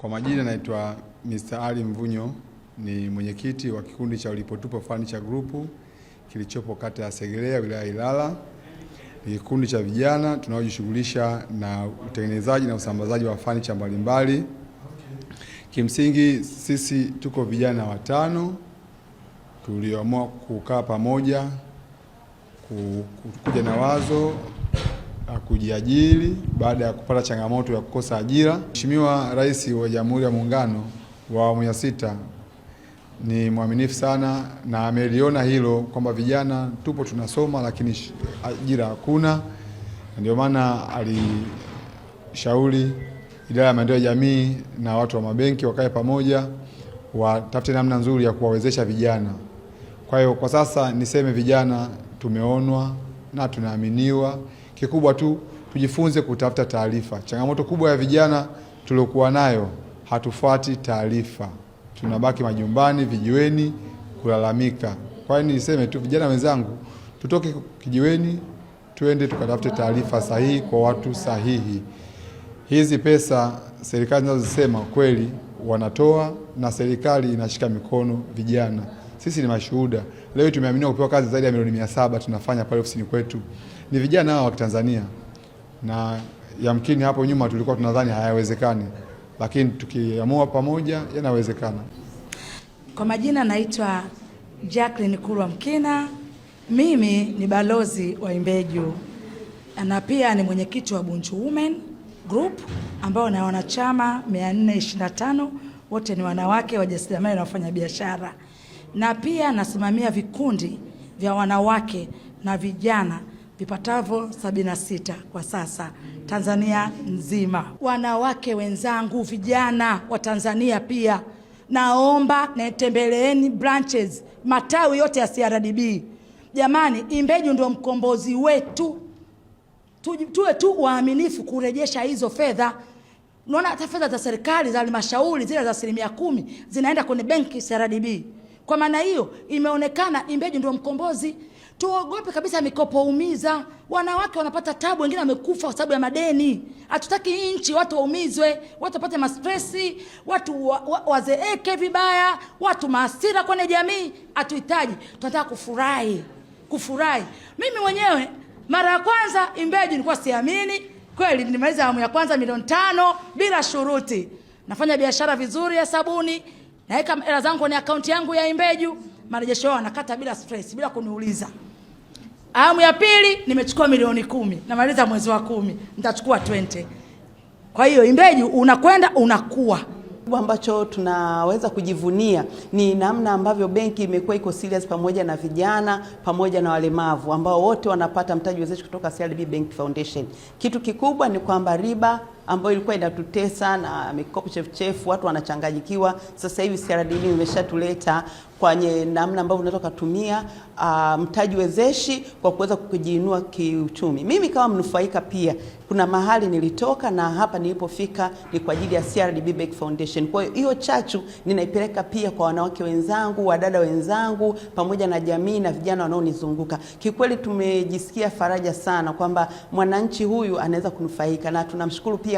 Kwa majina naitwa Mr. Ali Mvunyo, ni mwenyekiti wa kikundi cha ulipotupa Furniture Group kilichopo kata ya Segerea wilaya Ilala. Ni kikundi cha vijana tunaojishughulisha na utengenezaji na usambazaji wa furniture mbalimbali. Kimsingi sisi tuko vijana watano tulioamua kukaa pamoja kuja na wazo kujiajiri baada ya kupata changamoto ya kukosa ajira. Mheshimiwa Rais wa Jamhuri ya Muungano wa awamu ya sita ni mwaminifu sana na ameliona hilo kwamba vijana tupo tunasoma, lakini ajira hakuna. Ndio maana alishauri idara ya maendeleo ya jamii na watu wa mabenki wakae pamoja, watafute namna nzuri ya kuwawezesha vijana. Kwa hiyo kwa sasa niseme vijana tumeonwa na tunaaminiwa. Kikubwa tu tujifunze kutafuta taarifa. Changamoto kubwa ya vijana tuliokuwa nayo, hatufuati taarifa, tunabaki majumbani, vijiweni kulalamika. Kwa hiyo niseme tu vijana wenzangu, tutoke kijiweni, tuende tukatafute taarifa sahihi kwa watu sahihi. Hizi pesa serikali zinazozisema kweli wanatoa, na serikali inashika mikono vijana. Sisi ni mashuhuda. Leo tumeaminiwa kupewa kazi zaidi ya milioni mia saba tunafanya pale ofisini kwetu, ni vijana hao wa Kitanzania, na yamkini hapo nyuma tulikuwa tunadhani hayawezekani, lakini tukiamua pamoja yanawezekana. Kwa majina naitwa Jacqueline Kulwa Mkina, mimi ni balozi wa Imbeju na pia ni mwenyekiti wa Bunju Women Group ambao na wanachama 425 wote ni wanawake wajasiriamali na wafanyabiashara biashara na pia nasimamia vikundi vya wanawake na vijana vipatavyo 76 kwa sasa Tanzania nzima. Wanawake wenzangu, vijana wa Tanzania pia naomba netembeleeni branches matawi yote ya CRDB. Jamani, Imbeju ndio mkombozi wetu, tuwe tu waaminifu kurejesha hizo fedha. Unaona hata fedha za serikali za halmashauri zile za asilimia kumi zinaenda kwenye benki CRDB. Kwa maana hiyo imeonekana imbeji ndio mkombozi. Tuogope kabisa mikopo umiza. Wanawake wanapata tabu, wengine wamekufa kwa sababu ya madeni. Hatutaki nchi watu waumizwe, watu wapate mastresi, watu wa, wa, wazeeke vibaya, watu maasira kwenye jamii. Hatuhitaji, tunataka kufurahi, kufurahi. Mimi mwenyewe mara ya kwanza imbeji nilikuwa siamini kweli. Nilimaliza awamu ya kwanza milioni tano bila shuruti, nafanya biashara vizuri ya sabuni naweka hela zangu kwenye akaunti yangu ya Imbeju, marejesho yao wanakata bila stress, bila kuniuliza. Awamu ya pili nimechukua milioni kumi, namaliza mwezi wa kumi nitachukua 20. Kwa hiyo Imbeju unakwenda unakuwa ambacho tunaweza kujivunia ni namna ambavyo benki imekuwa iko serious pamoja na vijana pamoja na walemavu ambao wote wanapata mtaji wezeshi kutoka CRDB Bank Foundation. Kitu kikubwa ni kwamba riba ambayo ilikuwa inatutesa na mikopo kuchefuchefu, watu wanachanganyikiwa. Sasa hivi CRDB imeshatuleta kwenye namna ambavyo unaweza kutumia uh, ah, mtaji wezeshi kwa kuweza kujiinua kiuchumi. Mimi kama mnufaika pia kuna mahali nilitoka na hapa nilipofika ni kwa ajili ya CRDB Bank Foundation. Kwa hiyo hiyo chachu ninaipeleka pia kwa wanawake wenzangu, wadada wenzangu, pamoja na jamii na vijana wanaonizunguka. Kikweli tumejisikia faraja sana kwamba mwananchi huyu anaweza kunufaika na tunamshukuru pia